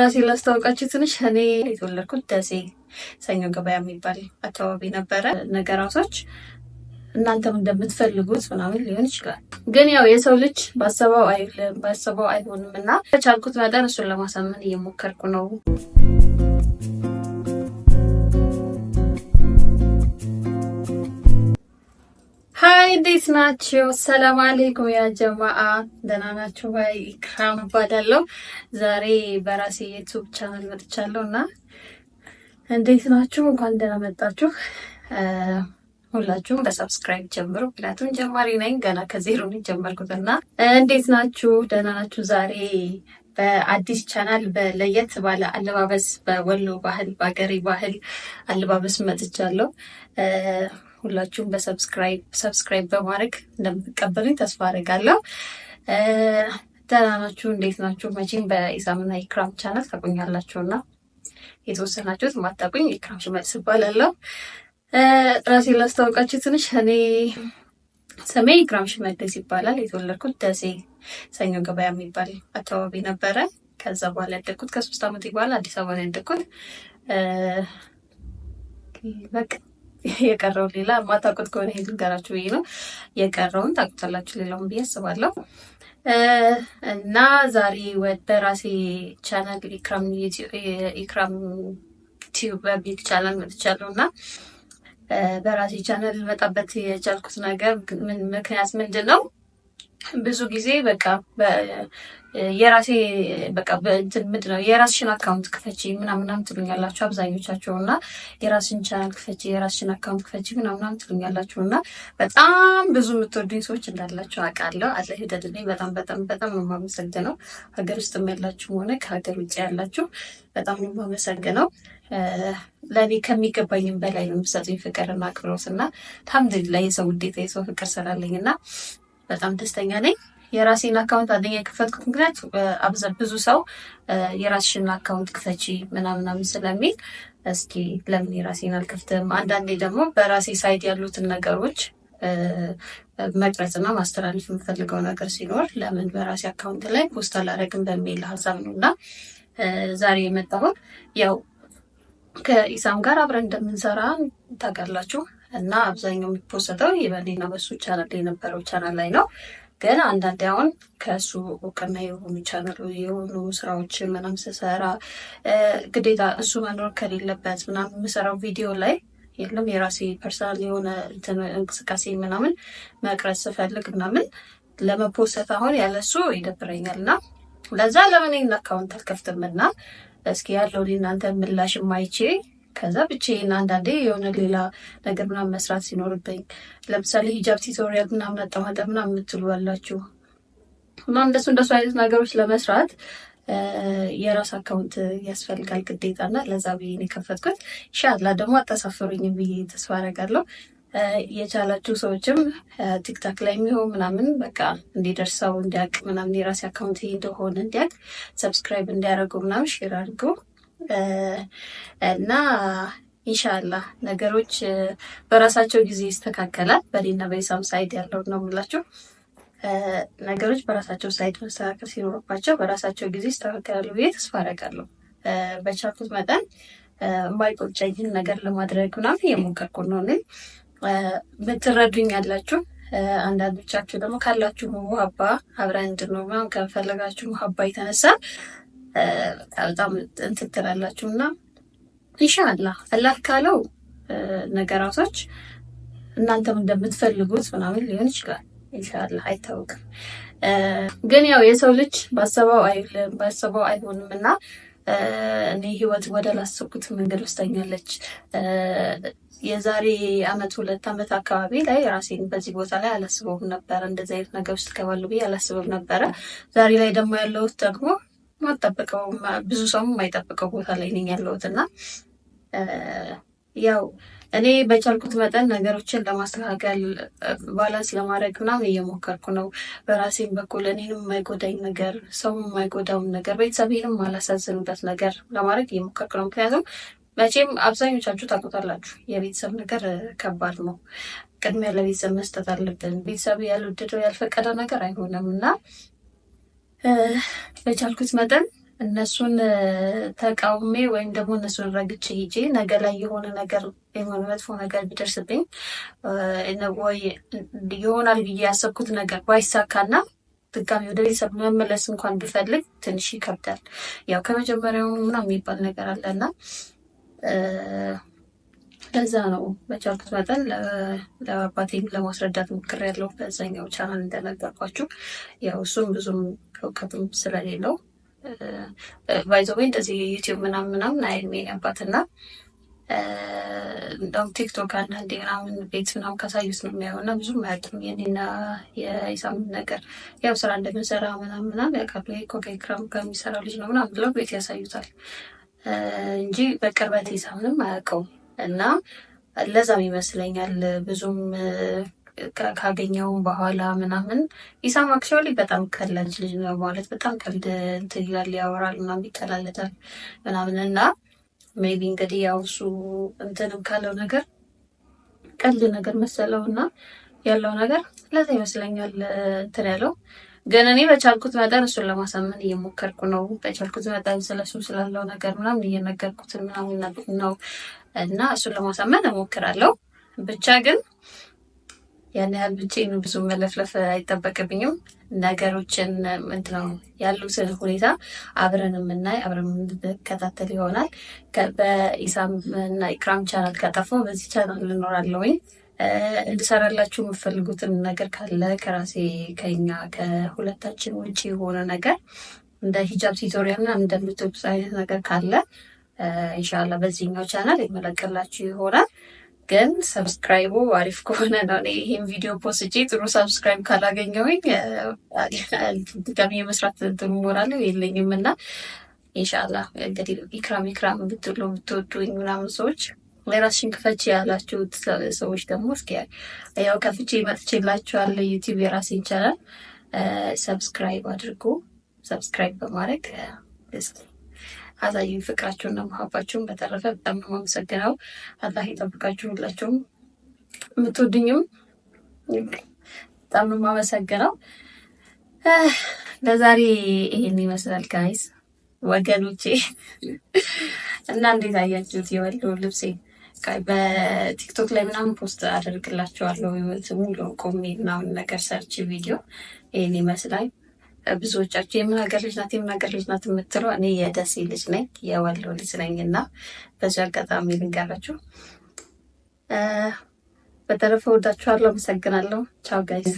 ራሴ ላስታወቃችሁ ትንሽ እኔ የተወለድኩት ደሴ ሰኞ ገበያ የሚባል አካባቢ ነበረ። ነገራቶች እናንተም እንደምትፈልጉት ምናምን ሊሆን ይችላል። ግን ያው የሰው ልጅ ባሰበው ባሰበው አይሆንም እና ከቻልኩት መጠን እሱን ለማሳመን እየሞከርኩ ነው። እንዴት ናችሁ? ሰላም አለይኩም ያ ጀማአ ደህና ናችሁ ወይ? ኢክራም እባላለሁ። ዛሬ በራሴ ዩቱብ ቻናል መጥቻለሁ እና እንዴት ናችሁ? እንኳን ደህና መጣችሁ። ሁላችሁም በሰብስክራይብ ጀምሩ፣ ምክንያቱም ጀማሪ ነኝ ገና ከዜሮ ነው የጀመርኩት እና እንዴት ናችሁ? ደህና ናችሁ? ዛሬ በአዲስ ቻናል በለየት ባለ አለባበስ በወሎ ባህል በአገሬ ባህል አለባበስ መጥቻለሁ። ሁላችሁም በሰብስክራይብ ሰብስክራይብ በማድረግ እንደምትቀበሉኝ ተስፋ አድርጋለሁ። ደህና ናችሁ? እንዴት ናችሁ? መቼም በኢሳምና ኢክራም ቻናል ታቁኛላችሁና የተወሰናችሁት ማታቁኝ ኢክራም ሽመልስ እባላለሁ። ራሴ ላስታውቃችሁ ትንሽ እኔ ስሜ ኢክራም ሽመልስ ይባላል። የተወለድኩት ደሴ ሰኞ ገበያ የሚባል አካባቢ ነበረ። ከዛ በኋላ ያደግኩት ከሶስት አመት በኋላ አዲስ አበባ ነው ያደግኩት። በቃ የቀረው ሌላ ማታውቁት ከሆነ ይሄ ልንገራችሁ ብዬ ነው። የቀረውን ታውቁታላችሁ፣ ሌላውን ብዬ አስባለሁ። እና ዛሬ በራሴ ቻናል ኢክራም ቲዩብ በሚል ቻናል መጥቻለሁ እና በራሴ ቻናል ልመጣበት የቻልኩት ነገር ምክንያት ምንድን ነው? ብዙ ጊዜ በቃ የራሴ በቃ እንትን ምንድን ነው የራስሽን አካውንት ክፈች ምናምናም ትሉኛላችሁ አብዛኞቻቸው እና የራስሽን ቻናል ክፈች የራስሽን አካውንት ክፈች ምናምናም ትሉኛላችሁ እና በጣም ብዙ የምትወዱኝ ሰዎች እንዳላቸው አውቃለሁ። አለ ሂደድልኝ በጣም በጣም በጣም ነው የማመሰግነው። ሀገር ውስጥ ያላችሁ ሆነ ከሀገር ውጭ ያላችሁ በጣም ነው የማመሰግነው። ለእኔ ከሚገባኝም በላይ ነው የምትሰጡኝ ፍቅርና አክብሮት እና አልሐምዱሊላህ የሰው ውዴታ የሰው ፍቅር ስላለኝ እና በጣም ደስተኛ ነኝ። የራሴን አካውንት አንደኛ የከፈትኩት ምክንያት ብዙ ሰው የራስሽን አካውንት ክፈቺ ምናምናምን ስለሚል እስኪ ለምን የራሴን አልከፍትም? አንዳንዴ ደግሞ በራሴ ሳይድ ያሉትን ነገሮች መቅረጽና ማስተላለፍ የምፈልገው ነገር ሲኖር ለምን በራሴ አካውንት ላይ ፖስት አላደረግም በሚል ሀሳብ ነው እና ዛሬ የመጣሁት ያው ከኢሳም ጋር አብረን እንደምንሰራ ታውቃላችሁ። እና አብዛኛው የሚፖሰተው በኔና በሱ ቻናል የነበረው ቻናል ላይ ነው። ግን አንዳንዴ አሁን ከእሱ እውቅና የሆኑ ቻናል የሆኑ ስራዎች ምናም ስሰራ ግዴታ እሱ መኖር ከሌለበት ምናም የምሰራው ቪዲዮ ላይ የለም የራሴ ፐርሰናል የሆነ እንቅስቃሴ ምናምን መቅረጽ ስፈልግ ምናምን ለመፖሰት አሁን ያለሱ ይደብረኛል እና ለዛ ለምን ይህን አካውንት አልከፍትም እና እስኪ ያለውን እናንተ ምላሽ ማይቼ ከዛ ብቻዬን አንዳንዴ የሆነ ሌላ ነገር ምናምን መስራት ሲኖርብኝ ለምሳሌ ሂጃብ ቲቶሪያል ምናምን አጠማጠ ምናምን የምትሉ አላችሁ እና እንደሱ እንደሱ አይነት ነገሮች ለመስራት የራስ አካውንት ያስፈልጋል ግዴታ እና ለዛ ብዬን የከፈትኩት። ሻላ ደግሞ አታሳፍሩኝም ብዬ ተስፋ አደርጋለሁ። የቻላችሁ ሰዎችም ቲክታክ ላይ የሚሆን ምናምን በቃ እንዲደርሰው እንዲያውቅ ምናምን የራሴ አካውንት እንደሆነ እንዲያውቅ ሰብስክራይብ እንዲያደርጉ ምናምን ሼር አድርገው እና ኢንሻላ ነገሮች በራሳቸው ጊዜ ይስተካከላል። በሌና በሳም ሳይድ ያለው ነው የምላቸው። ነገሮች በራሳቸው ሳይድ መስተካከል ሲኖርባቸው በራሳቸው ጊዜ ይስተካከላሉ ብዬ ተስፋ አደርጋለሁ። በቻልኩት መጠን የማይቆጨኝን ነገር ለማድረግ ምናምን የሞከርኩ ነው። እኔ ምትረዱኝ ያላችሁ አንዳንዶቻችሁ ደግሞ ካላችሁ ሙሀባ አብረን እንድንሆን ከፈለጋችሁ ሙሀባ የተነሳ በጣም እንትን ትላላችሁ እና ኢንሻአላህ አላህ ካለው ነገራቶች እናንተም እንደምትፈልጉት ምናምን ሊሆን ይችላል። እንሻላ አይታወቅም። ግን ያው የሰው ልጅ ባሰበው አይልም ባሰበው አይሆንም እና እኔ ህይወት ወደ ላሰብኩት መንገድ ወስዳኛለች። የዛሬ አመት ሁለት አመት አካባቢ ላይ ራሴን በዚህ ቦታ ላይ አላስበውም ነበረ። እንደዚህ አይነት ነገር ውስጥ እገባለሁ ብዬ አላስበውም ነበረ። ዛሬ ላይ ደግሞ ያለሁት ደግሞ ማጠበቀው ብዙ ሰው የማይጠብቀው ቦታ ላይ ነኝ ያለሁት እና ያው እኔ በቻልኩት መጠን ነገሮችን ለማስተካከል ባላንስ ለማድረግ ምናምን እየሞከርኩ ነው። በራሴም በኩል እኔንም የማይጎዳኝ ነገር፣ ሰውም የማይጎዳውን ነገር፣ ቤተሰቤንም ማላሳዝንበት ነገር ለማድረግ እየሞከርኩ ነው። ምክንያቱም መቼም አብዛኞቻችሁ ታውቁታላችሁ፣ የቤተሰብ ነገር ከባድ ነው። ቅድሚያ ለቤተሰብ መስጠት አለብን። ቤተሰብ ያልወደደው ያልፈቀደ ነገር አይሆንም እና በቻልኩት መጠን እነሱን ተቃውሜ ወይም ደግሞ እነሱን ረግቼ ሄጄ ነገ ላይ የሆነ ነገር የሆነ መጥፎ ነገር ቢደርስብኝ ወይ ይሆናል ብዬ ያሰብኩት ነገር ባይሳካና ድጋሚ ወደ ቤተሰብ መመለስ እንኳን ብፈልግ ትንሽ ይከብዳል። ያው ከመጀመሪያው ምናምን የሚባል ነገር አለና ለዛ ነው በቻልኩት መጠን ለአባቴም ለማስረዳት ሞክሬያለሁ። በዛኛው ቻናል እንደነገርኳችሁ ያው እሱም ብዙም እውቀትም ስለሌለው ባይዘዌ እንደዚህ ዩቲዩብ ምናምን ምናምን አይልም የኔ አባትና እንደውም ቲክቶክ አንዳንዴ ምናምን ቤት ምናምን ካሳዩት ነው የሚያየው እና ብዙም አያውቅም የኔና የኢሳምን ነገር። ያው ስራ እንደምንሰራ ምናምን ምናምን ያውቃሉ። ከኮካይ ክራም ጋር ልጅ ነው ምናምን ብለው ቤት ያሳዩታል እንጂ በቅርበት ኢሳምንም አያውቀውም እና ለዛም ይመስለኛል ብዙም ካገኘው በኋላ ምናምን ኢሳም አክቹዋሊ በጣም ቀላል ልጅ ነው ማለት በጣም ቀልድ እንትን ይላል ያወራል ምናምን ይቀላለታል ምናምን እና ሜቢ እንግዲህ ያው እሱ እንትንም ካለው ነገር ቀልድ ነገር መሰለው እና ያለው ነገር ለዛ ይመስለኛል እንትን ያለው ግን እኔ በቻልኩት መጠን እሱን ለማሳመን እየሞከርኩ ነው። በቻልኩት መጠን ስለሱ ስላለው ነገር ምናምን እየነገርኩት ምናምን ነው እና እሱን ለማሳመን እሞክራለሁ ብቻ ግን ያን ያህል ብቻዬን ብዙ መለፍለፍ አይጠበቅብኝም። ነገሮችን ምንድን ነው ያሉትን ሁኔታ አብረን የምናይ አብረን የምንከታተል ይሆናል። በኢሳም እና ኢክራም ቻናል ከጠፉ በዚህ ቻናል ልኖራለሁኝ። እንድሰራላችሁ የምፈልጉትን ነገር ካለ ከራሴ ከኛ ከሁለታችን ውጭ የሆነ ነገር እንደ ሂጃብ ቲቶሪያል እና እንደምትወዱት አይነት ነገር ካለ ኢንሻላህ በዚህኛው ቻናል የመለቀላችሁ ይሆናል። ግን ሰብስክራይቡ አሪፍ ከሆነ ነው። እኔ ይህን ቪዲዮ ፖስቼ ጥሩ ሰብስክራይብ ካላገኘሁኝ ድጋሚ የመስራት እንትኑ ሞራል የለኝም እና ኢንሻላ እንግዲህ ኢክራም ኢክራም ብትሉ ብትወዱኝ ምናምን ሰዎች የራስሽን ክፈች ያላችሁት ሰዎች ደግሞ እስኪ ያው ከፍቼ መጥቼላችኋለሁ። ዩቲዩብ የራሴ ይቻላል። ሰብስክራይብ አድርጉ። ሰብስክራይብ በማድረግ አሳዩኝ ፍቅራችሁንና መሀባችሁን። በተረፈ በጣም ነው የማመሰግነው። አላህ ይጠብቃችሁ ሁላችሁም። የምትወድኝም በጣም ነው የማመሰግነው። ለዛሬ ይሄን ይመስላል ጋይዝ ወገኖቼ እና እንዴት አያችሁት? የወሎ ልብሴ በቲክቶክ ላይ ምናምን ፖስት አደርግላችኋለሁ። ሙሉ ቆሜ ምናምን ነገር ሰርች ቪዲዮ ይህን ይመስላል። ብዙዎቻችሁ የምን ሀገር ልጅ ናት የምን ሀገር ልጅ ናት የምትለው፣ እኔ የደሴ ልጅ ነኝ የወሎ ልጅ ነኝ። እና በዚህ አጋጣሚ ልንገራችሁ። በተረፈ ወዳችኋለሁ። አመሰግናለሁ። ቻው ጋይዝ